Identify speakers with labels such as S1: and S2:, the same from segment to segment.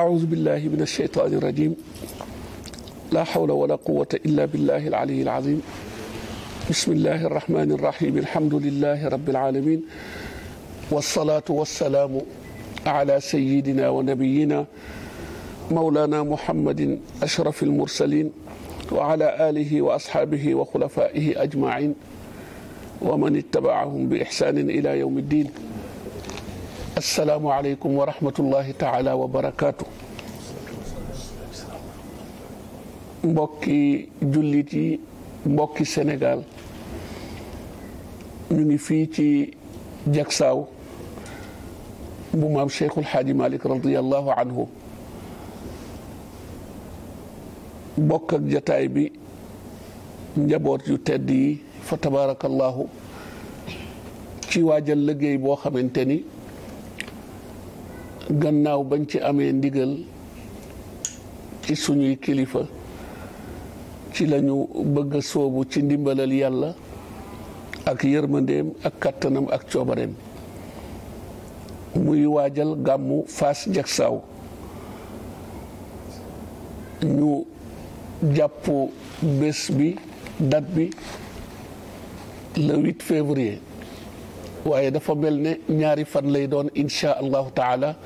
S1: أعوذ بالله من الشيطان الرجيم لا حول ولا قوة إلا بالله العلي العظيم بسم الله الرحمن الرحيم الحمد لله رب العالمين والصلاة والسلام على سيدنا ونبينا مولانا محمد أشرف المرسلين وعلى آله وأصحابه وخلفائه أجمعين ومن اتبعهم بإحسان إلى يوم الدين السلام عليكم ورحمة الله تعالى وبركاته مبكي جلتي مبكي سنغال نوني فيتي جاكساو بمام شيخ الحاجي مالك رضي الله عنه بوكك جتايبي نجابور جو فتبارك الله تي واجال لغي بو خامتاني gannaaw bañ ci amee ndigal ci suñuy kilifa ci lañu bëgg soobu ci ndimbalal yàlla ak yërmandeem ak kàttanam ak coobareem muy waajal gàmmu Fass Jaksaaw ñu jàpp bés bi date bi le 8 février waaye dafa mel ne ñaari fan lay doon insha allahu taala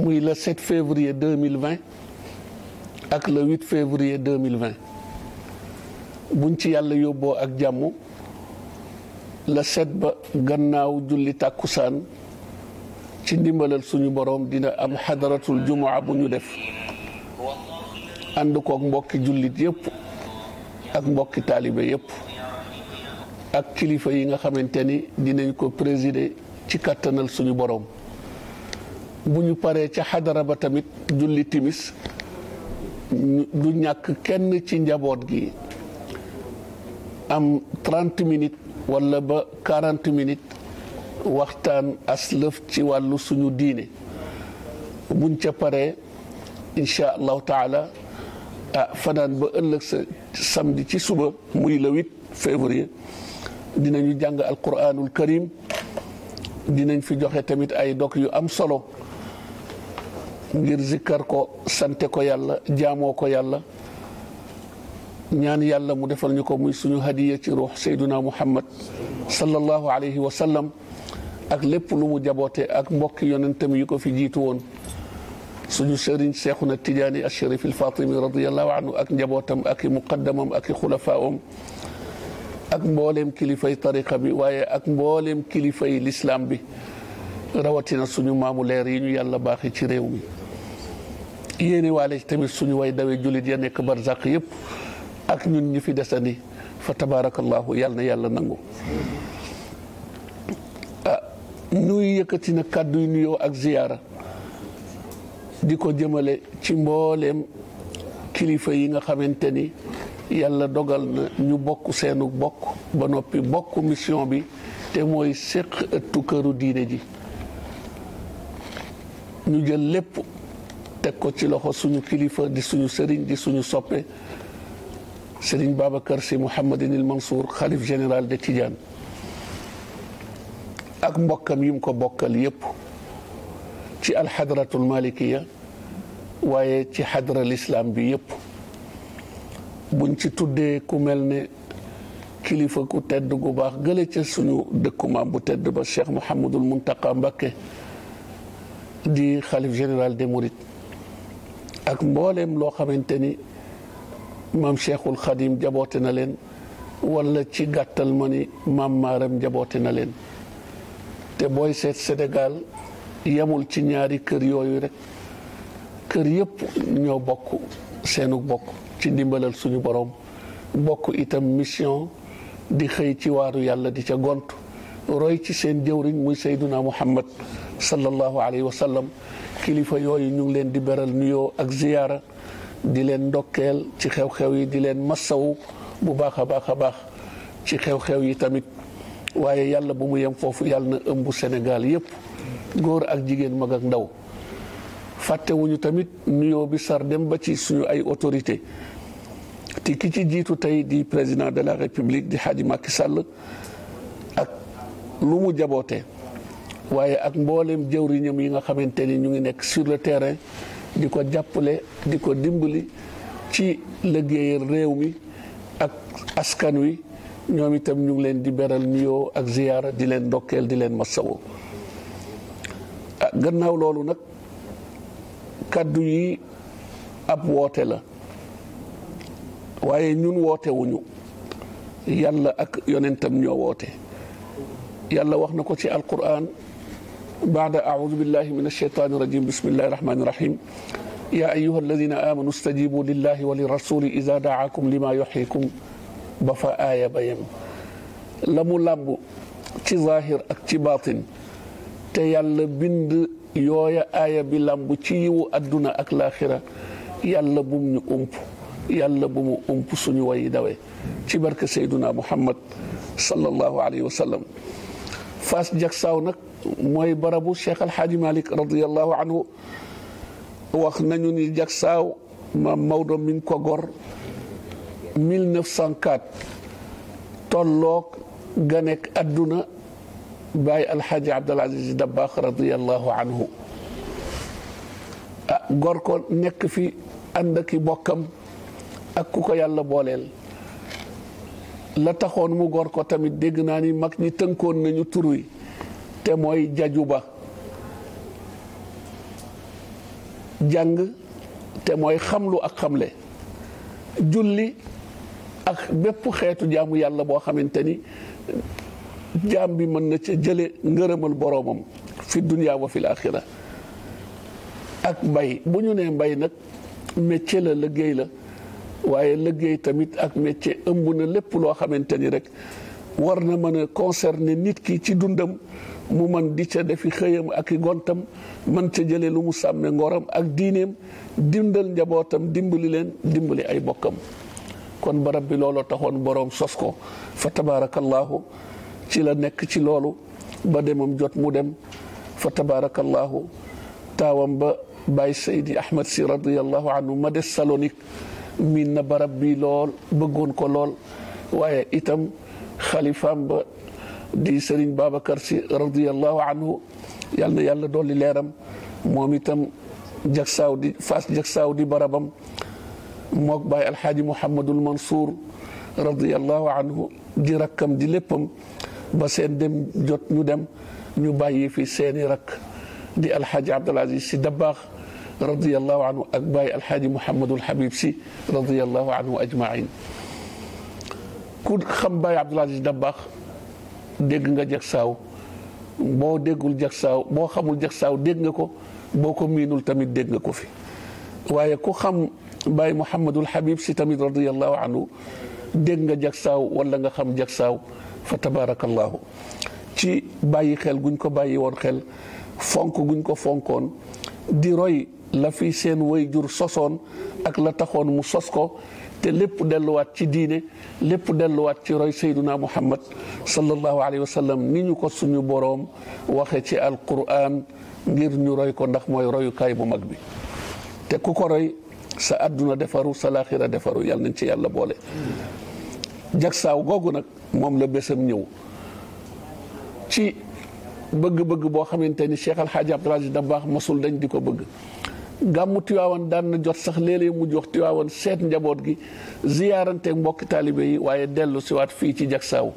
S1: muy le 7 février 2020 ak le 8 février 2020 buñ ci yàlla yóbboo ak jàmm la set ba gannaaw julli tàkkusaan ci ndimbalal suñu boroom dina am xadaratul jumaa bu ñu def ànd kook mbokki jullit yépp ak mbokki taalibe yépp ak kilifa yi nga xamante ni dinañ ko présider ci kàttanal suñu boroom bu ñu paree ca xadara ba tamit julli timis du ñàkk kenn ci njaboot gi am trente minutes wala ba quarante minutes waxtaan aslëf ci wàllu suñu diine buñ ca paree incha allahu taala ah fanaan ba ëllëg sa samedi ci suba muy lawit 8 février dinañu jàng alquranul karim dinañ fi joxe tamit ay dok yu am solo ngir zikkar ko sante ko yàlla jamo ko yàlla ñaan yàlla mu defal ñuko muy suñu hadiya ci ruh sayyiduna muhammad sallallahu alayhi wa sallam ak lépp lu mu jabote ak mbokk yonentam yi ko fi jitu won suñu tidiane ash-sharif al-fatimi radiyallahu anhu ak njabotam ak muqaddamam ak khulafa'um ak mbooleem kilifay tariqa bi waye ak mbooleem kilifay l'islam bi rawatina suñu mamu leer yi ñu yàlla baaxi ci rew mi yéene waale tamit suñu way dawee jullit ya nekk barzak yëpp ak ñun ñu fi desandi fa tabaarakallaahu yàlla nangu ah nuy yëkkati na kàddu yu nuyoo ak ziyaara di ko jëmale ci mbooleem kilifa yi nga xamante ni yàlla dogal na ñu bokk seenu bokk ba noppi bokk mission bi te mooy séq ëttu këru diine ji ñu jël lépp teg ko ci loxo suñu kilifa di suñu sëriñ di suñu soppe sëriñ Babacar si Mouhamadinil Mansour xalif général de Tidiane ak mbokkam yim ko bokkal yépp ci alxadratul malikiya waaye ci xadra lislaam bi yépp buñ ci tuddee ku mel ne kilifa ku tedd gu baax gële ca suñu dëkkumaam bu tedd ba Cheikh Mouhamadul Muntaqa Mbakke di xalif général de Mourides ak mbooleem loo xamante ni maam Cheikhul Khadim jaboote na leen wala ci gàttal ma ni maam Maaram jaboote na leen te booy seet Sénégal yemul ci ñaari kër yooyu rek kër yëpp ñoo bokk seenu bokk ci ndimbalal suñu boroom bokk itam mission di xëy ci waaru yàlla di ca gont roy ci seen jëwriñ muy Seyduna Muhammad sallallahu alayhi wa sallam kilifa yooyu ñu ngi leen di beral nuyoo ak ziyaara di leen ndokkeel ci xew-xew yi di leen massawu bu baax a baax a baax ci xew-xew yi tamit waaye yàlla bu mu yem foofu yàlla na ëmb Sénégal yépp góor ak jigéen mag ak ndaw fàttewuñu tamit nuyoo bi sar dem ba ci suñu ay autorité te ki ci jiitu tey di président de la république di Hadji Macky Sall ak lu mu jabootee waaye ak mbooleem jëwriñam yi nga xamante ni ñu ngi nekk sur le terrain di ko jàppale di ko dimbali ci liggéeyal réew mi ak askan wi ñoom itam ñu ngi leen di beral nuyoo ak ziyaara di leen ndokkeel di leen masawu ah gannaaw loolu nag kàddu yi ab woote la waaye ñun wootewuñu yàlla ak yonentam ñoo woote yàlla wax na ko ci alkuraan بعد أعوذ بالله من الشيطان الرجيم بسم الله الرحمن الرحيم يا أيها الذين آمنوا استجيبوا لله وللرسول إذا دعاكم لما يحييكم بفا آية بيم لمو لامب ci zahir ak ci batin te yàlla bind yooya aaya bi làmb ci yiwu àdduna ak laaxira yàlla bum ñu ump yàlla bu mu ump suñu wayi dawe ci barke sayduna muhammad sallallahu alayhi wa sallam fas jak saaw nag ما يبربو الشيخ الحاج مالك رضي الله عنه وخنا نوني جاكساو ما مودو من كوغور 1904 طلوك غنك ادونا باي الحاج عبد العزيز دباخ رضي الله عنه غوركو نك في اندكي بوكم اكوكو يالا بولل لا تخون مو غوركو تامي دغناني ماك ني تنكون نانيو تروي te mooy jaju ba jàng te mooy xamlu ak xamle julli ak bépp xeetu jaamu yàlla boo xamante ni jaam bi mën na ca jële ngërëmal boromam fi dunya wa fil axira ak mbay bu ñu nee mbay nag métier la liggéey la waaye liggéey tamit ak métier ëmb na lépp loo xamante ni rek war na mën a concerner nit ki ci dundam mu man di ca defi xëyam ak i gontam man ca jëlee lu mu sàmme ngoram ak diineem dindal njabootam dimbali leen dimbali ay bokkam kon barab bi looloo taxoon boroom sos ko fa tabaarakallaahu ci la nekk ci loolu ba demam jot mu dem fa tabaarakallaahu taawam ba Baay Seydi Ahmad Si radiyallahu anhu ma des Salonique miin na barab bi lool bëggoon ko lool waaye itam xalifaam ba دي سرين بابا كرسي رضي الله عنه يلا يلا دولي ليرم موميتم جاك ساودي فاس جاك ساودي بربم موك باي الحاج محمد المنصور رضي الله عنه دي ركم دي لبم بسين دم جوت نو دم نو باي في سيني رك دي الحاج عبد العزيز سي دباخ رضي الله عنه أكباي الحاج محمد الحبيب سي رضي الله عنه أجمعين كل خمباي عبد العزيز دباغ dégg nga jag saaw boo déggul jag saaw boo xamul jag saaw dégg nga ko boo ko miinul tamit dégg nga ko fi waaye ku xam Baay Muhammadul Habib si tamit radiyallahu anhu dégg nga jag saaw wala nga xam jag saaw fa tabarakallahu ci bàyyi xel guñ ko bàyyi woon xel fonk guñ ko fonkoon di roy la fi seen wayjur sosoon ak la taxoon mu sos ko te lépp delluwaat ci diine lépp delluwaat ci roy sayduna muhammad sallallahu alayhi wa sallam ni ñu ko suñu boroom waxe ci alquran ngir ñu roy ko ndax mooy royukaay bu mag bi te ku ko roy sa àdduna defaru sa laaxira defaru yal nañ ci yàlla boole jagsaaw googu nag moom la bésam ñëw ci bëgg-bëgg boo xamante ni Cheikh Al Hadj Abdoul Aziz masul dañ di ko bëgg gàmmu Tiwaawan daan na jot sax léeg mu jox Tiwaawan seet njaboot gi ziyaaranteeg mbokk taalibe yi waaye dellu siwaat fii ci Jaksaaw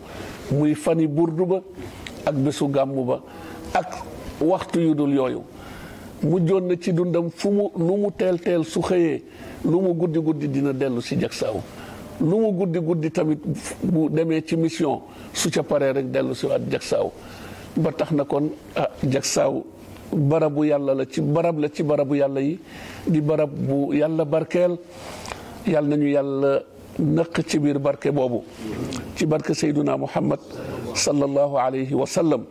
S1: muy fan yi burdu ba ak bésu gàmmu ba ak waxtu yu dul yooyu mujjoon na ci dundam fu mu lu mu teel teel su xëyee lu mu guddi guddi dina dellu si Jaksaaw lu mu guddi guddi tamit bu demee ci mission su ca paree rek dellu siwaat Jaksaaw ba tax na kon ah Jaksaaw barabu yàlla la ci barab la ci barabu yàlla yi di barab bu yàlla barkeel yàlla nañu yàlla nëq ci biir barke boobu ci barke sayduna muhammad sallallahu alayhi wa sallam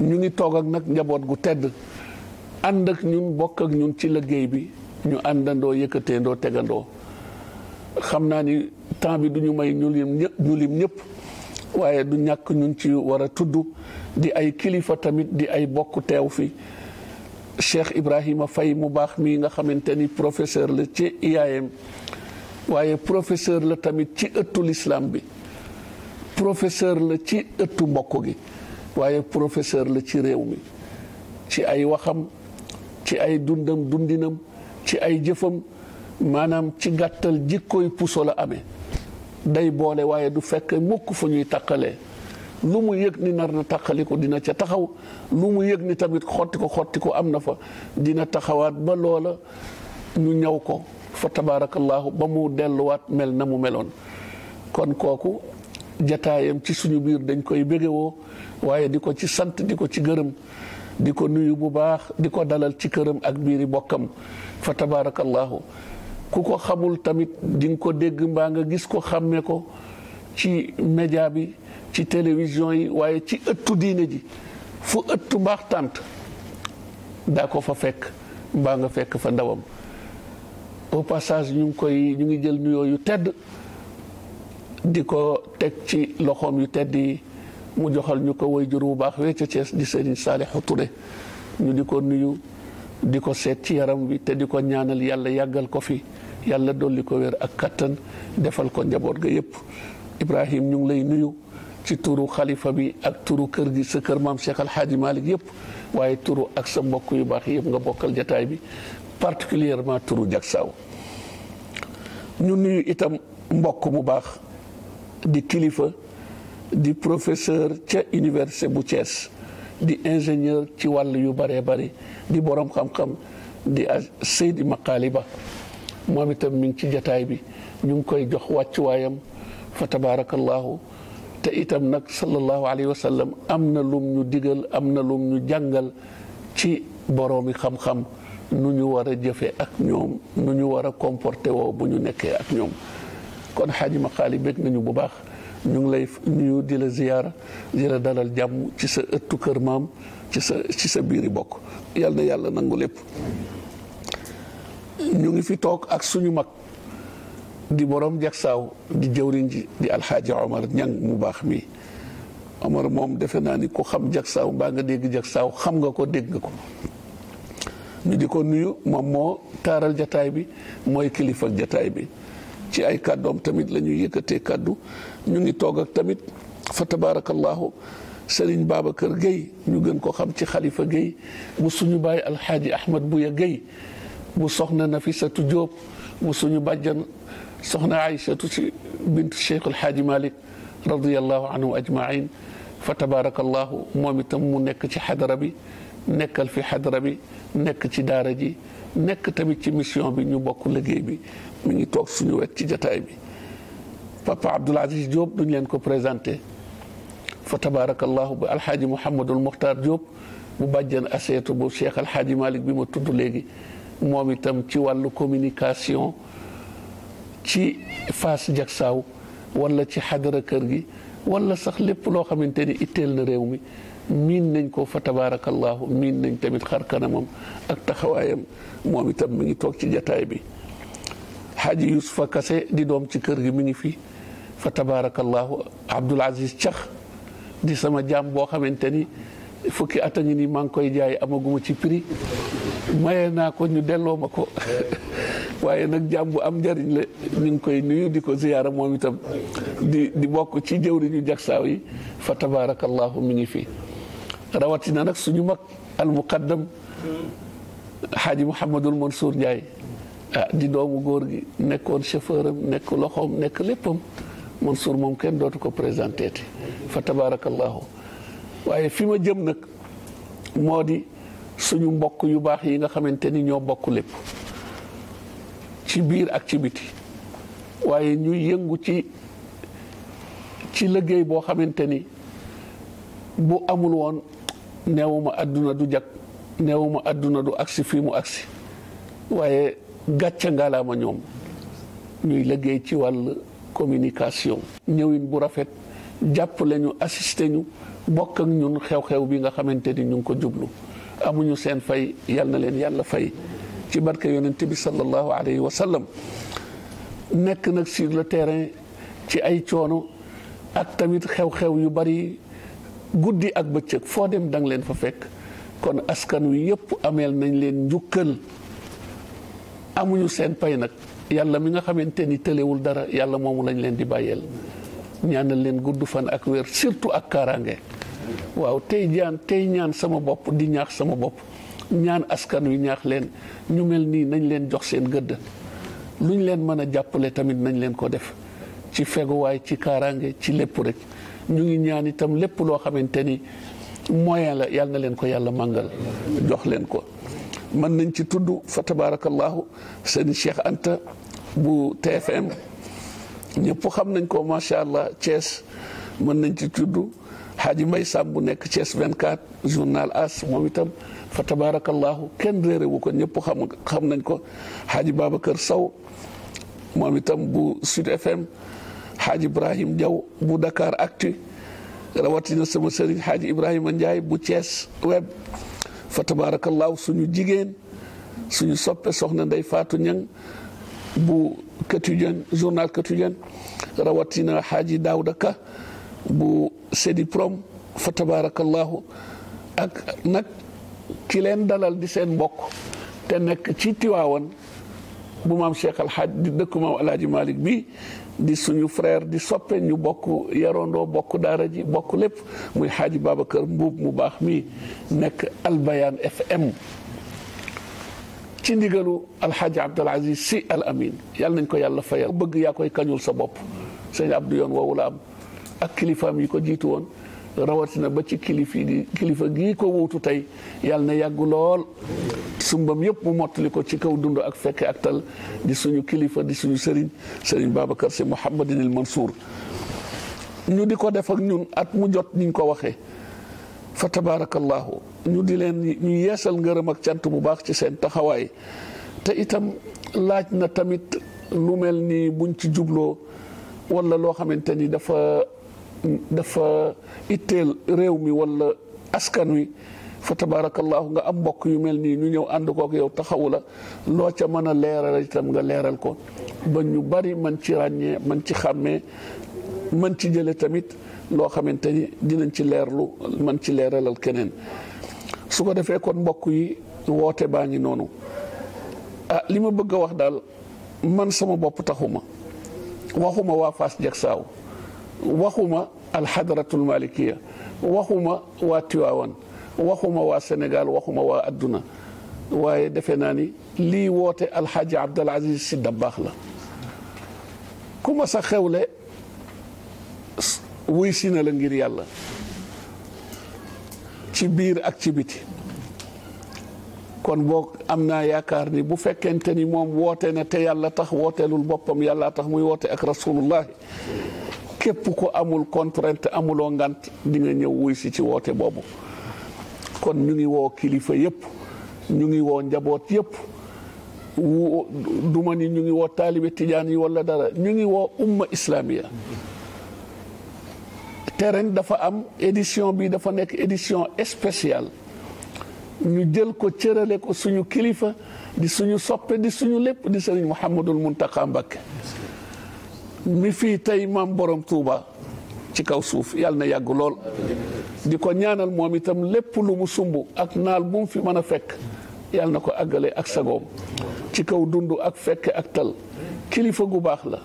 S1: ñu ngi toog ak nag njaboot gu tedd ànd ak ñun bokk ak ñun ci liggéey bi ñu àndandoo yëkkateendoo tegandoo xam naa ni temps bi du ñu may ñu lim ñëpp ñëpp waaye du ñàkk ñun ci war a tudd di ay kilifa tamit di ay bokk teew fi Cheikh Ibrahima fay mu baax mii nga xamante ni professeur la ci IAM waaye professeur la tamit ci ëttu lislaam bi professeur la ci ëttu mbokk gi waaye professeur la ci réew mi ci ay waxam ci ay dundam dundinam ci ay jëfam maanaam ci gàttal jikkooy puso la ame day boole waaye du fekk mukk fu ñuy takkalee lu mu yëg ni nar na takkali dina ca taxaw lu mu yëg ni tamit xotti ko xotti ko am na fa dina taxawaat ba loola ñu ñëw ko fa tabaarakallaahu ba mu delluwaat mel na mu meloon kon kooku jataayam ci suñu biir dañ koy bégewoo waaye di ko ci sant di ko ci gërëm di ko nuyu bu baax di ko dalal ci këram ak biiri bokkam fa tabaarakallaahu ku ko xamul tamit di nga ko dégg mbaa nga gis ko xàmme ko ci média bi ci télévision yi waaye ci ëttu diine ji fu ëttu mbaax tànt daa ko fa fekk mbaa nga fekk fa ndawam au passage ñu ngi koy ñu ngi jël nuyoo yu tedd di ko teg ci loxoom yu tedd yi mu joxal ñu ko way jur bu baax wee ca Cees di Serigne Salihou Touré ñu di ko nuyu di ko seet ci yaram wi te di ko ñaanal yàlla yàggal ko fi yàlla dolli ko wér ak kattan defal ko njaboot ga yëpp Ibrahim ñu ngi lay nuyu ci turu xalifa bi ak turu kër gi sa kër maam Cheikh Al Hadji Malick yëpp waaye turu ak sa mbokk yu baax yëpp nga bokkal jataay bi particulièrement turu Jaksaaw ñu nuyu itam mbokk bu baax di kilifa di professeur ca université bu Thiès di ingénieur ci wàll yu bëree bëri di borom xam-xam di Seydi Maqaaliba moom itam mi ngi ci jataay bi ñu ngi koy jox wàccuwaayam fa tabaarakallaahu te itam nag sallallahu alayhi wa sallam am na lum ñu digal am na lum ñu jàngal ci boroomi xam-xam nu ñu war a jëfe ak ñoom nu ñu war a comporté woo bu ñu nekkee ak ñoom kon xaaji Maqaali bég nañu bu baax ñu ngi lay nuyu di la ziyaara di la dalal jàmm ci sa ëttu kër maam ci sa ci sa biiri bokk yàlla na yàlla nangu lépp ñu ngi fi toog ak suñu mag di borom jagsaaw di jëwriñ ji di alxaaji omar ñang mu baax mi omar moom defe naa ni ku xam jagsaaw mbaa nga dégg jagsaaw xam nga ko dégg nga ko ñu di ko nuyu moom moo taaral jataay bi mooy kilifa jataay bi ci ay kàddoom tamit la ñuy yëkkatee kàddu ñu ngi toog ak tamit fa tabarakallahu sëriñ Babacar Gueye ñu gën ko xam ci xalifa Gueye mu suñu bàyyi alxaaji Ahmad Buya Gueye mu soxna Nafisatu Diop mu suñu bàjjan soxna Aïchatu si bintu Cheikh alxaaji Malick radiallahu anhu ajmain fa tabarakallahu moom itam mu nekk ci xadara bi nekkal fi xadara bi nekk ci daara ji nekk tamit ci mission bi ñu bokk liggéey bi mi ngi toog suñu wet ci jataay bi papa Abdoul Aziz Diop duñ leen ko présenté fa tabaarakallahu ba alxaaji Mouhamadul Mokhtar Diop bu bàjjan aseetu bu Cheikh alxaaji Malick bi ma tudd léegi moom itam ci wàllu communication ci Fass Jaksaaw wala ci xadara kër gi wala sax lépp loo xamante ni itteel na réew mi miin nañ ko fa tabaarakallahu miin nañ tamit xar kanamam ak taxawaayam moom itam mi ngi toog ci jataay bi xaaji Yusufa Kase di doom ci kër gi mi ngi fi fa tabaarakallaahu Abdul Aziz Cax di sama jaam boo xamante ni fukki at a ngi nii maa ngi koy jaay amaguma ci prix maye naa ko ñu delloo ma ko waaye nag jaam bu am njariñ la ñu ngi koy nuyu di ko ziyaara moom itam di di bokk ci jëwriñu jagsaaw yi fa tabaarakallaahu mi ngi fi rawatina nag suñu mag al muqaddam xaaji Mouhamadul Mansour Ndiaye ah di doomu góor gi nekkoon chauffeur nekk loxoom nekk léppam. Mansour moom kenn dootu ko présenté te fa tabaarakallaahu waaye fi ma jëm nag moo di suñu mbokk yu baax yi nga xamante ni ñoo bokk lépp ci biir ak ci biti waaye ñuy yëngu ci ci liggéey boo xamante ni bu amul woon neewuma àdduna du jag neewuma àdduna du agsi fii mu agsi waaye gàcce ngalaama ñoom ñuy liggéey ci wàll communication ñëwin bu rafet jàppale ñu assisté ñu bokk ak ñun xew-xew bi nga xamante ni ñu ngi ko jublu amuñu seen fay yal na leen yàlla fay ci barke yonent bi sallallahu alayhi wa sallam nekk nag si le terrain ci ay coono ak tamit xew-xew yu bari guddi ak bëccëg foo dem dang leen fa fekk kon askan wi yëpp ameel nañ leen njukkal amuñu seen pay nag yàlla mi nga xamante ni tëlewul dara yàlla moomu lañ leen di bàyyeel ñaanal leen gudd fan ak wér surtout ak kaaraange waaw tey jaan tey ñaan sama bopp di ñaax sama bopp ñaan askan wi ñaax leen ñu mel nii nañ leen jox seen gëdd luñ leen mën a jàppale tamit nañ leen ko def ci feguwaay ci kaaraange ci lépp rek ñu ngi ñaan itam lépp loo xamante ni moyen la yàlla leen ko yàlla màngal jox leen ko mën nañ ci tudd fa tabarakallahu sëñ Cheikh Anta bu TFM ñëpp xam nañ ko macha allah Thiès mën nañ ci tudd Hadji Mbay Samb bu nekk Thiès 24 journal As moom itam fa tabarakallahu kenn réere wu ko ñëpp xam xam nañ ko Hadji Babacar saw moom itam bu Sud FM Hadji Ibrahim Diaw bu Dakar Actu rawatina sama sëriñ Hadji Ibrahima Ndiaye bu Thiès web fa tabaarakallaahu suñu jigéen suñu soppe soxna Ndeye faatu Niang bu quotidien journal quotidien rawatina Hadji Daouda Ka bu Sediprom fa tabaarakallaahu ak nag ki leen dalal di seen mbokk te nekk ci Tiwaawan bu maam Cheikh Alxaaj di dëkku maam Alaaji Malick bi di suñu frère di soppe ñu bokk yarondoo bokk daara ji bokk lépp muy xaaji Babacar Mbuub mu baax mi nekk Albayaan FM ci ndigalu alxaaji Abdul Aziz si al amin yàlla nañ ko yàlla fayal bëgg yaa koy kañul sa bopp sëñ Abdou yoon woowu la am ak kilifaam yi ko jiitu woon rawatina ba ci kilifa gi kilifa gii ko wuutu tey yàlla na yàgg lool sumbam yëpp mu mottali ko ci kaw dund ak fekk ak tal di suñu kilifa di suñu sëriñ sëriñ Babacar Sy Mouhamadinil Mansour ñu di ko def ak ñun at mu jot niñ ko waxe fa tabarakallahu ñu di leen ñu yeesal ngërëm ak cant bu baax ci seen taxawaay te itam laaj na tamit lu mel ni buñ ci jubloo wala loo xamante ni dafa dafa itteel réew mi wala askan wi fa tabaarakallaahu nga am mbokk yu mel nii ñu ñëw ànd kook yow taxawu la loo ca mën a leeral itam nga leeral ko ba ñu bari man ci ràññee man ci xàmmee man ci jële tamit loo xamante ni dinañ ci leerlu man ci leeralal keneen su ko defee kon mbokk yi woote baa ngi noonu ah li ma bëgg a wax daal man sama bopp taxuma waxuma waa Fass Jaksaaw waxuma الحضرة المالكية وهما واتيوان وهما واسنغال وهما وادنا واي لي ووتي الحاج عبد العزيز سيد باخلا كما سخول ويسينا لنغير يالا تي بير اك تي بيتي كون بوك امنا ياكار ني بو فكنتني موم ووتي نتا يالا تخ ووتي لول بوبام يالا تخ موي ووتي اك رسول الله képp ko amul contrainte amuloo ngant dinga ñëw wuy si ci woote boobu kon ñu ngi woo kilifa yëpp ñu ngi woo njaboot yëpp wu du ma ni ñu ngi woo taalibe tijaan yi wala dara ñu ngi woo umma islamiya te dafa am édition bi dafa nekk édition spéciale ñu jël ko cërale ko suñu kilifa di suñu soppe di suñu lépp di sëriñ Mouhamadul Muntaqa Mbakke mi fii tey maam borom Touba ci kaw suuf yàlla na yàgg lool di ko ñaanal moom itam lépp lu mu sumb ak naal bu mu fi mën a fekk yàlla na ko àggale ak sagoom ci kaw dund ak fekke ak tal kilifa gu baax la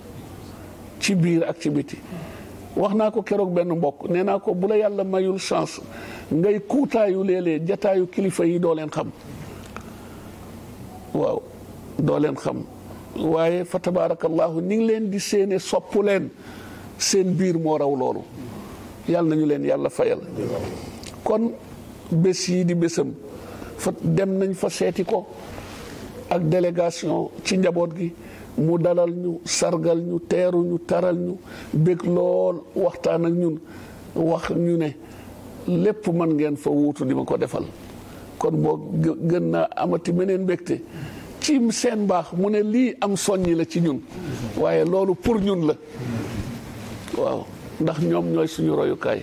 S1: ci biir ak ci biti wax naa ko keroog benn mbokk nee naa ko bu la yàlla mayul chance ngay kuutaayu léeg-léeg jataayu kilifa yi doo leen xam waaw doo leen xam waaye fa tabaarakallaahu ni ngi leen di séene sopp leen seen biir moo raw loolu yàlla nañu leen yàlla fayal kon bés yi di bésam fa dem nañ fa seeti ko ak délégation ci njaboot gi mu dalal ñu sargal ñu teeru ñu taral ñu bég lool waxtaan ak ñun wax ñu ne lépp man ngeen fa wuutu di ma ko defal kon boo gën naa amati beneen mbégte tiim seen baax mu ne lii am soññi la ci ñun waaye loolu pour ñun la waaw ndax ñoom ñooy suñu royukaay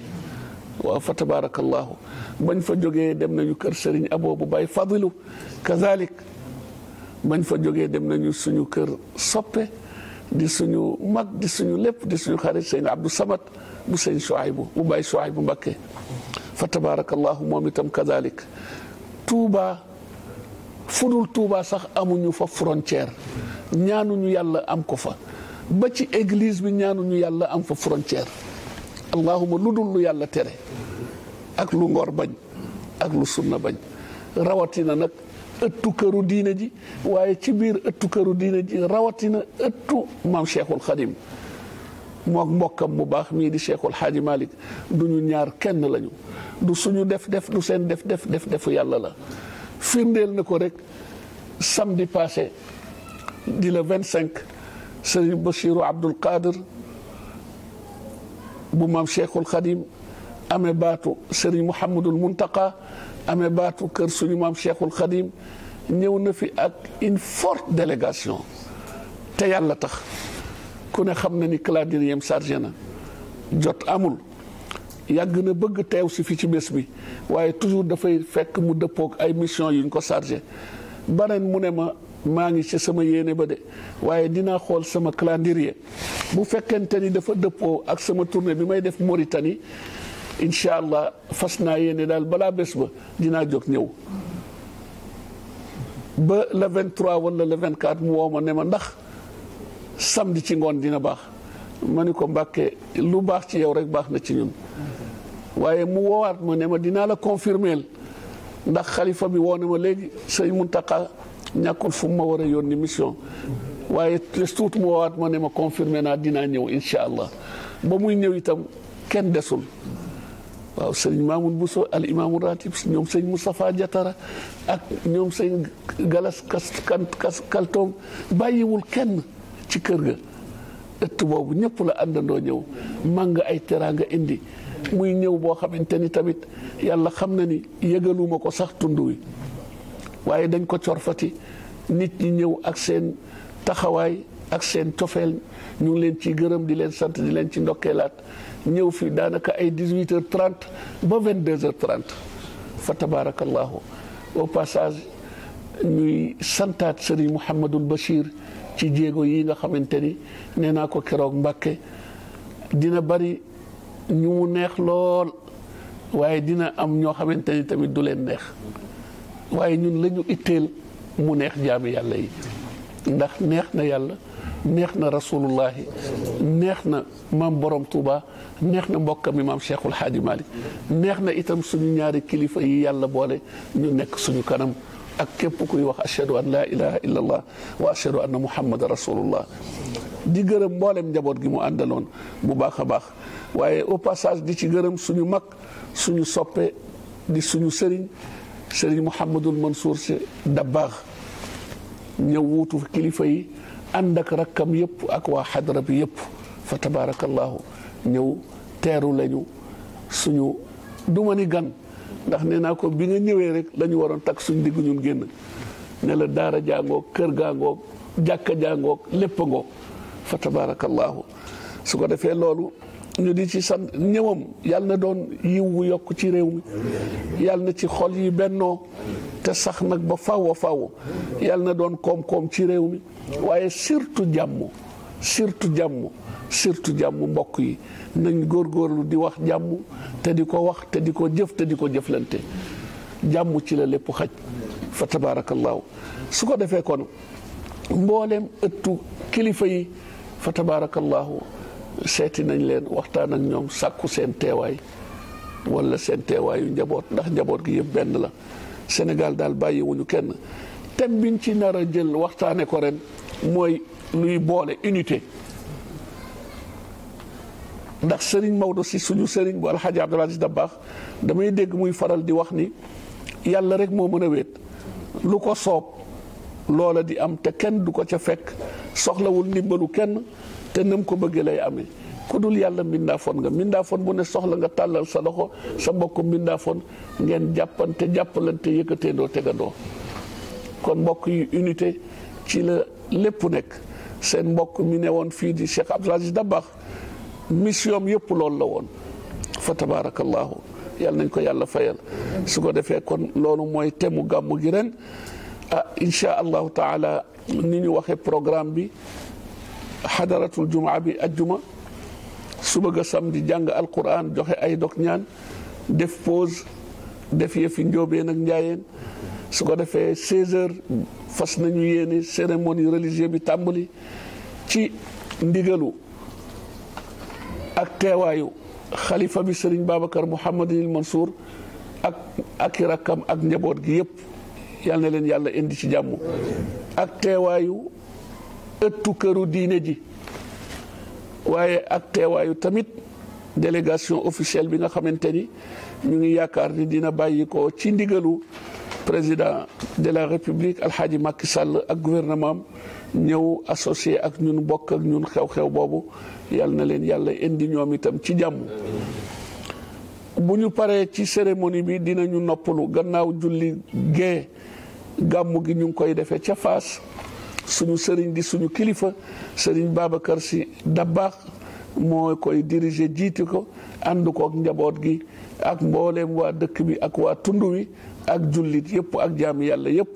S1: waaw fa tabaarakallaahu bañ fa joge dem nañu kër sëriñ aboo bu baay fadilu kazalik bañ fa jógee dem nañu suñu kër soppe di suñu mag di suñu lépp di suñu xarit sëñ abdou samad bu sëñ soaybu bu baay soaybu mbakke fa tabaarakallaahu moom itam kazalik tuuba fudul Touba sax amuñu fa frontière ñaanuñu yàlla am ko fa ba ci église bi ñaanuñu yàlla am fa frontière allahuma lu dul lu yàlla tere ak lu ngor bañ ak lu sunna bañ rawatina nag ëttu këru diine ji waaye ci biir ëttu këru diina ji rawatina ëttu maam Cheikhul Xadim mook mbokkam mu baax mii di Cheikhul Xaaji Malik du ñu ñaar kenn lañu du suñu def def du seen def def def defu yàlla la firndeel na ko rek samedi passé di le 25 sëriñ Bachiru Abdul Qadir bu maam Cheikhul Khadim amee baatu sëriñ Mouhamadul Muntaqa amee baatu kër suñu maam Cheikhul Khadim ñëw na fi ak une forte délégation te yàlla tax ku ne xam na ni claudine yem chargé na jot amul. yàgg na bëgg teew si fi ci bés bi waaye toujours dafay fekk mu dëppook ay mission yuñ ko chargé bareen mu ne ma maa ngi ci sama yéene ba de waaye dinaa xool sama calendrier bu fekkente ni dafa dëppoo ak sama tournée bi may def Mauritanie incha allah fas naa yéene daal balaa bés ba dinaa jóg ñëw ba la le 23 la vingt 24 mu woo ma ne ma ndax samedi ci ngoon dina baax ma ni ko Mbàkke lu baax ci yow rek baax na ci ñun waaye mu woowaat ma ne ma dinaa la confirmeel ndax xalifa bi woone ma léegi sëy sëñ Muntaqa ñàkkul fu ma war a mission waaye les tuut mu woowaat ma ne ma confirmé naa dinaa ñëw incha allah ba muy ñëw itam kenn desul waaw sëñ Mamoun Bousso al imaamu ratib ñoom sëñ Moustapha Diatara ak ñoom sëñ Galas Kaltoom bàyyiwul kenn ci kër ga ëtt boobu ñëpp la àndandoo ñëw màng ay teraanga indi muy ñëw boo xamante ni tamit yàlla xam na ni yëgaluma ko sax tund wi waaye dañ ko corfati nit ñi ñëw ak seen taxawaay ak seen cofeel ñu ngi leen ciy gërëm di leen sant di leen ci ndokkeelaat ñëw fi daanaka ay 18 heures 30 ba 22 heures 30 fa tabarakallahu au passage ñuy santaat Serigne Mouhamadul Bachir ci jéego yi nga xamante ni nee naa ko keroog mbakke dina bari ñu mu neex lool waaye dina am ñoo xamante ni tamit du leen neex waaye ñun lañu itteel mu neex jaami yàlla yi ndax neex na yàlla neex na rasulullahi neex na mam borom Touba neex na mbokka mi maam Cheikhul Xaaji neex na itam suñu ñaari kilifa yi yàlla boole ñu nekk suñu kanam ak képp kuy wax ashhadu an laa ilaha illa allah wa ashhadu anna muhammad rasulullah di gërëm mboolem njaboot gi mu àndaloon bu baax a baax waaye au passage di ci gërëm suñu mag suñu soppe di suñu sëriñ sëriñ mouhamadul mansour si dabbaax ñëw wuutu kilifa yi ànd ak rakkam yëpp ak waa xadra bi yëpp fa tabaarakallahu ñëw teeru lañu suñu dumani gan ndax nee naa ko bi nga ñëwee rek dañu waroon takk suñ diggu ñun génn ne la daara jàngoog kër gaangoog jàkka jàngoog lépp ngoog fa tabaarakallaahu su ko defee loolu ñu di ci sant ñëwam yàlla na doon yiw yokk ci réew mi yàlla na ci xol yi bennoo te sax nag ba faw a faw yàlla na doon koom-koom ci réew mi waaye surtout jàmm surtout jàmm surtout jàmm mbokk yi nañ góor góorlu di wax jàmm te di ko wax te di ko jëf te di ko jëflante jàmm ci la lépp xaj fa tabaarakallaahu su ko defee kon mbooleem ëttu kilifa yi fa tabaarakallaahu seeti nañ leen waxtaan ak ñoom sàkku seen teewaay wala seen teewaayu njaboot ndax njaboot gi yëpp benn la senegal daal bàyyiwuñu kenn thème biñ ci nar a jël waxtaane ko ren mooy luy boole unité ndax sëriñ Maodo si suñu sëriñ bu alxaaji Abdul Aziz Dabakh damay dégg muy faral di wax ni yàlla rek moo mën a wéet lu ko soob loola di am te kenn du ko ca fekk soxlawul ndimbalu kenn te nam ko bëggee lay amee ku dul yàlla mbindaafoon nga mbindaafoon bu ne soxla nga tàllal sa loxo sa mbokk mbindaafoon ngeen jàppante jàppalante yëkkateendoo tegandoo kon mbokk yi unité ci la lépp nekk seen mbokk mi ne woon fii di Cheikh Abdoul Aziz Dabakh mission yëpp loolu la woon fa tabarakallahu yàlla nañ ko yàlla fayal su ko defee kon loolu mooy temu gàmmu gi ren ah insha allahu taala ni ñu waxee programme bi xadaratul jumaa bi ajjuma suba ga samedi jàng alquran joxe ay dog ñaan def pause def yëfi njóobeen ak njaayeen su ko defee 16h fas nañu yéene cérémonie religieuse bi tàmbali ci ndigalu ak teewaayu xalifa bi Serigne Babacar Mouhamadinil Mansour ak ak i rakkam ak njaboot gi yëpp yal na leen yàlla indi ci jàmm ak teewaayu ëttu këru diine ji waaye ak teewaayu tamit délégation officielle bi nga xamante ni ñu ngi yaakaar ni dina bàyyi ko ci ndigalu. président de la république alxaaji Macky Sall ak gouvernement ñëw associé ak ñun bokk ak ñun xew-xew boobu yal na leen yàlla indi ñoom itam ci jàmm bu ñu paree ci cérémonie bi dinañu noppalu gannaaw julli gee gàmmu gi ñu ngi koy defee ca Faas suñu sëriñ di suñu kilifa sëriñ Babacar si Dabakh moo koy diriger jiiti ko ànd ko ak njaboot gi ak mbooleem waa dëkk bi ak waa tund wi ak jullit yëpp ak jaam yàlla yëpp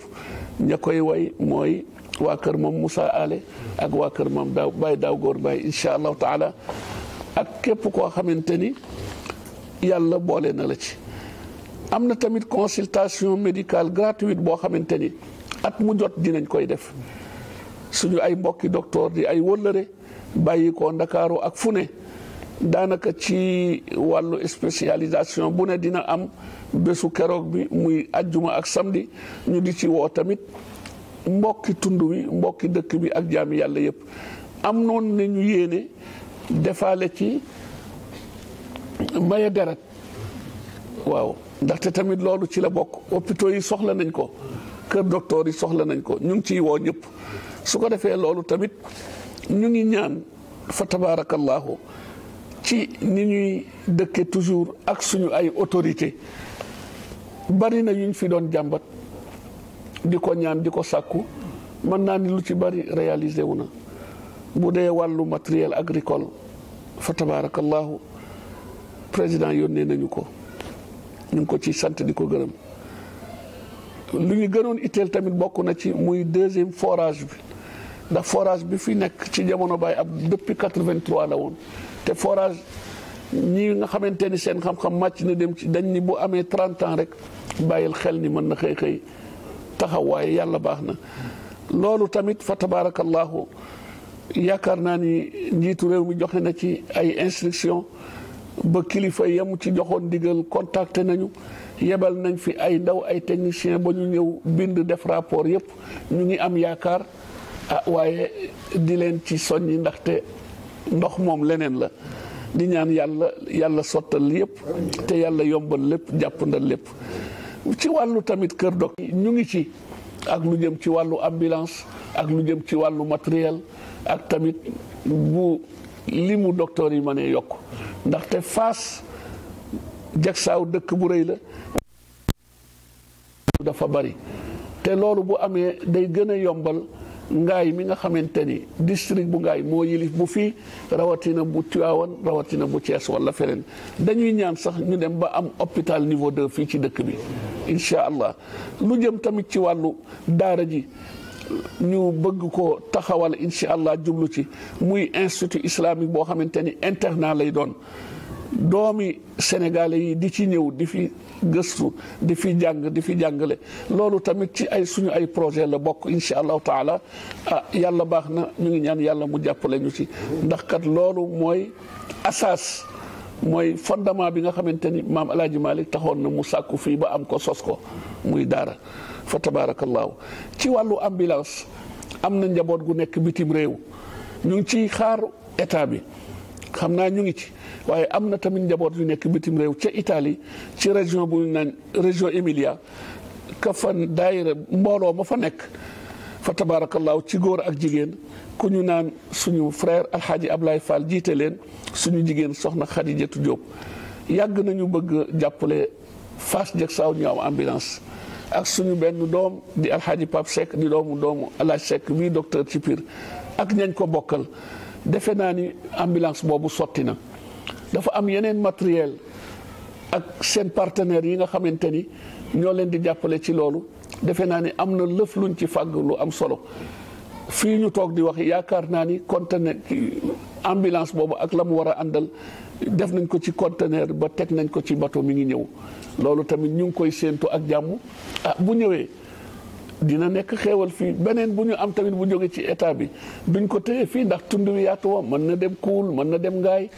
S1: ña koy way mooy waa kër moom Moussa Ale ak waa kër mam daaw daw daaw góor Baye incha allahu taala ak képp koo xamante ni yàlla boole na la ci. am na tamit consultation médicale gratuite boo xamante ni at mu jot dinañ koy def suñu ay mbokki docteur di ay wëllëre bàyyi ko ndakaaru ak fune daanaka ci wàllu spécialisation bu ne dina am bésu keroog bi muy ajjuma ak samedi ñu di ci woo tamit mbokki tund wi mbokki dëkk bi ak jaami yàlla yëpp am noonu ne ñu yéene defaale ci maye deret waaw ndaxte tamit loolu ci la bokk hôpitaux yi soxla nañ ko kër docteur yi soxla nañ ko ñu ngi ciy woo ñëpp su ko defee loolu tamit ñu ngi ñaan fa tabaarakallaahu ci ni ñuy dëkke toujours ak suñu ay autorité bari na yuñ fi doon jàmbat di ko ñaan di ko sakku mën naa ni lu ci bari réalisé wu na bu dee wàllu matériel agricole fa tabarakallahu président yónnee nañu ko ñu ngi ko ci sant di ko gërëm lu ñu gënoon itteel tamit bokk na ci muy deuxième forage bi ndax forage bi fi nekk ci jamono baay ab depuis 83 la woon te forage ñi nga xamante ni seen xam-xam màcc na dem ci dañ ni bu amee 30 ans rek bàyyil xel ni mën na xëy xëy taxaw waaye yàlla baax na loolu tamit fa tabarakallahu yaakaar naa ni njiitu réew mi joxe na ci ay instruction ba kilifa yam ci joxoon digal contacté nañu yebal nañ fi ay ndaw ay technicien ba ñu ñëw bind def rapport yëpp ñu ngi am yaakaar a ah, waaye di leen ci soññi ndaxte ndox moom leneen la di ñaan yàlla yàlla sottal yëpp te yàlla yombal lépp jàppandal lépp ci wàllu tamit kër dog ñu ngi ci ak lu jëm ci wàllu ambulance ak lu jëm ci wàllu matériel ak tamit bu li mu docteur yi mënee yokk ndaxte Fass Jaksaaw dëkk bu rëy la dafa bari te loolu bu amee day gën a yombal ngaay mi nga xamante ni district bu ngaay moo yilif bu fii rawatina bu tuwaawan rawatina bu thiès wala feneen dañuy ñaan sax ñu dem ba am hôpital niveau deux fii ci dëkk bi insha allah lu jëm tamit ci wàllu daara ji ñu bëgg ko taxawal insha allah jublu ci muy institut islamique boo xamante ni internat lay doon doomi sénégalais yi di ci ñëw di fi gëstu di fi jàng di fi jàngale loolu tamit ci ay suñu ay projet la bokk insha allahu taala ah yàlla baax na ñu ngi ñaan yàlla mu jàppale ñu ci ndax kat loolu mooy asaas mooy fondement bi nga xamante ni maam alaaji Malick taxoon na mu sàkku fii ba am ko sos ko muy daara fa tabaarakallaahu ci wàllu ambulance am na njaboot gu nekk bitim réew ñu ngi ci xaaru état bi xam naa ñu ngi ci waaye am na tamit njaboot yu nekk bitim réew ca Italie ci région bu ñu naan région Emilia ka fa daayira mbooloo ma fa nekk fa tabaarakallaahu ci góor ak jigéen ku ñu naan suñu frère alxaaji Ablaye Fall jiite leen suñu jigéen soxna Xadijatu Jóob yàgg nañu bëgg jàppale Fass Diacksao ñu am ambulance ak suñu benn doom di alxaaji Pape Seck di doomu doomu Alaaji Seck mii docteur ci Pire ak ñañ ko bokkal defe naa ni ambulance boobu sotti na dafa am yeneen matériel ak seen partenaires yi nga xamante ni ñoo leen di jàppale ci loolu defe naa ni am na lëf luñ ci fàgg lu am solo fii ñu toog di wax yaakaar naa ni conteneur ambulance boobu ak la mu war a àndal def nañ ko ci conteneur ba teg nañ ko ci bateau mi ngi ñëw loolu tamit ñu ngi koy séentu ak jàmm ah bu ñëwee. dina nek xewal fi benen buñu am tamit bu jóge ci état bi buñ ko téye fi ndax tund wi yaatu woon man na dem kuul man na dem ngaay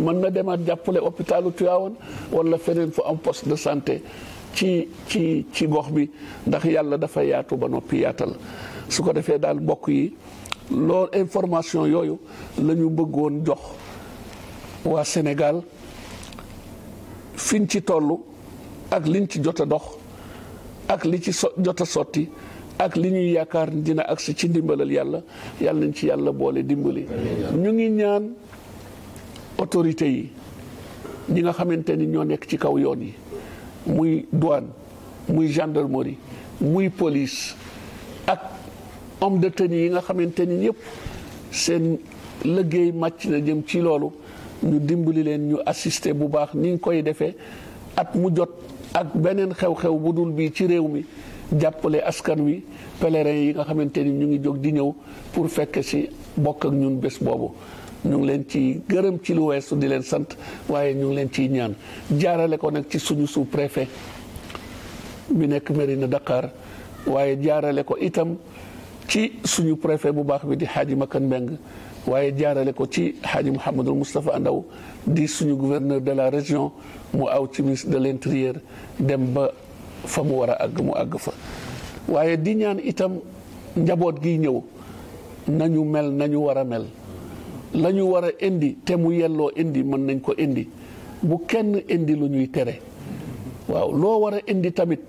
S1: man na demat jàppale hôpitalu Tivaouane wala fenen fu am poste de santé ci ci ci gox bi ndax yàlla dafa yaatu ba nopi yaatal su ko defé dal bokk yi lool information yoyu lañu bëggoon jox wa Sénégal fiñ ci tollu ak liñ ci jotta dox ak li ci so jot a sotti ak li ñuy yaakaar dina agsi ci ndimbalal yàlla yàlla nañ ci yàlla boole dimbali ñu ngi ñaan autorité yi ñi nga xamante ni ñoo nekk ci kaw yoon yi muy douane muy gendarmerie muy police ak homme de tenue yi nga xamante ni ñëpp seen liggéey màcc na jëm ci loolu ñu dimbali leen ñu assisté bu baax ni ñu koy defee at mu jot ak beneen xew-xew bu dul bi ci réew mi jàppale askan wi pèlerin yi nga xamante ni ñu ngi jóg di ñëw pour fekk si bokk ak ñun bés boobu ñu ngi leen ci gërëm ci lu weesu di leen sant waaye ñu ngi leen ciy ñaan jaarale ko nag ci suñu sous préfet bi nekk Mérina daqaar waaye jaarale ko itam ci suñu préfet bu baax bi di xaaji Makan Mbeng waaye jaarale ko ci xaaji Mouhamadul Moustapha Ndaw di suñu gouverneur de la région mu aw ci ministre de l'intérieur dem ba fa mu war a àgg mu àgg fa waaye di ñaan itam njaboot gi ñëw nañu mel nañu war a mel la ñu war a indi te mu yelloo indi mën nañ ko indi bu kenn indi lu ñuy tere waaw loo war a indi tamit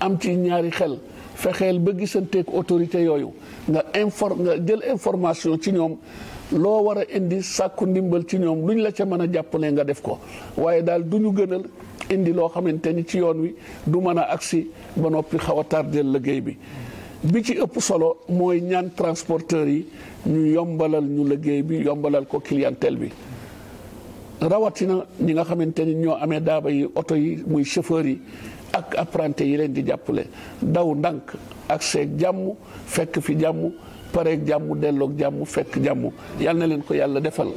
S1: am ci ñaari xel fexeel ba gisanteek autorité yooyu nga inform nga jël information ci ñoom loo war a indi sàkku ndimbal ci ñoom lu ñu la ca mën a jàppale nga def ko waaye daal du ñu gënal indi loo xamante ni ci yoon wi du mën a agsi ba noppi xaw a tardeel liggéey bi bi ci ëpp solo mooy ñaan transporteurs yi ñu yombalal ñu liggéey bi yombalal ko clientèle bi na ñi nga xamante ni ñoo amee daaba yi oto yi muy chauffeur yi ak apprenti yi leen di jàppale daw ndànk ak seeg jàmm fekk fi jàmm pareeg jàmm delloog jàmm fekk jàmm yal na leen ko yàlla defal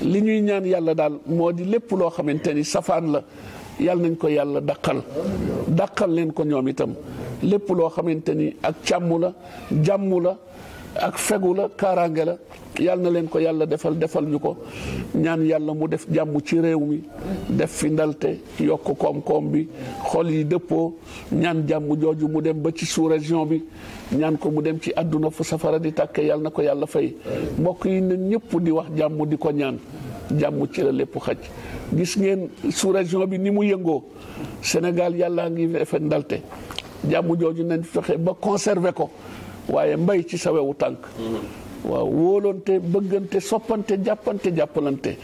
S1: li ñuy ñaan yàlla daal moo di lépp loo xamante ni safaan la yàlla nañ ko yàlla daqal daqal leen ko ñoom itam lépp loo xamante ni ak càmm la jàmmu la ak fegu la kaaraange la yàlla na leen ko yàlla defal defal ñu ko ñaan yàlla mu def jàmm ci réew mi def fi ndalte yokk koom-koom bi xol yi dëppoo ñaan jàmm jooju mu dem ba ci sous bi ñaan ko mu dem ci àdduna fu safara di tàkkee yàlla na ko yàlla fay mbokk yi na ñëpp di wax jàmm di ko ñaan jàmm ci la lépp xaj gis ngeen sous-région bi ni mu yëngoo Sénégal yàllaa ngi fe ndalte jàmm jooju nañ fexe ba conserver ko waaye mbay ci sa wewu tànk waaw wóolonte bëggante soppante jàppante jàppalante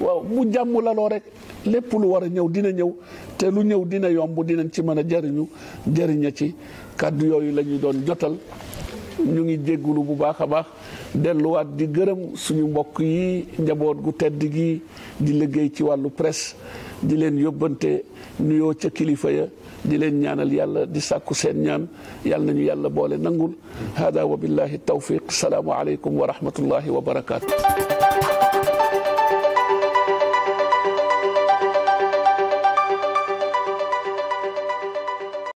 S1: waaw bu jàmm laloo rek lépp lu war a ñëw dina ñëw te lu ñëw dina yomb dinañ ci mën a jariñu jariña ci kàddu yooyu la ñu doon jotal ñu ngi jéggulu bu baax a baax delluwaat di gërëm suñu mbokk yi njaboot gu tedd gi di liggéey ci wàllu presse di leen yóbbante nuyoo ca kilifa ya di len ñaanal yàlla di sàkku seen ñaan yàlla nañu yàlla boole nangul hada wa billahi tawfiq assalamu alaykum wa rahmatullahi wa barakatuh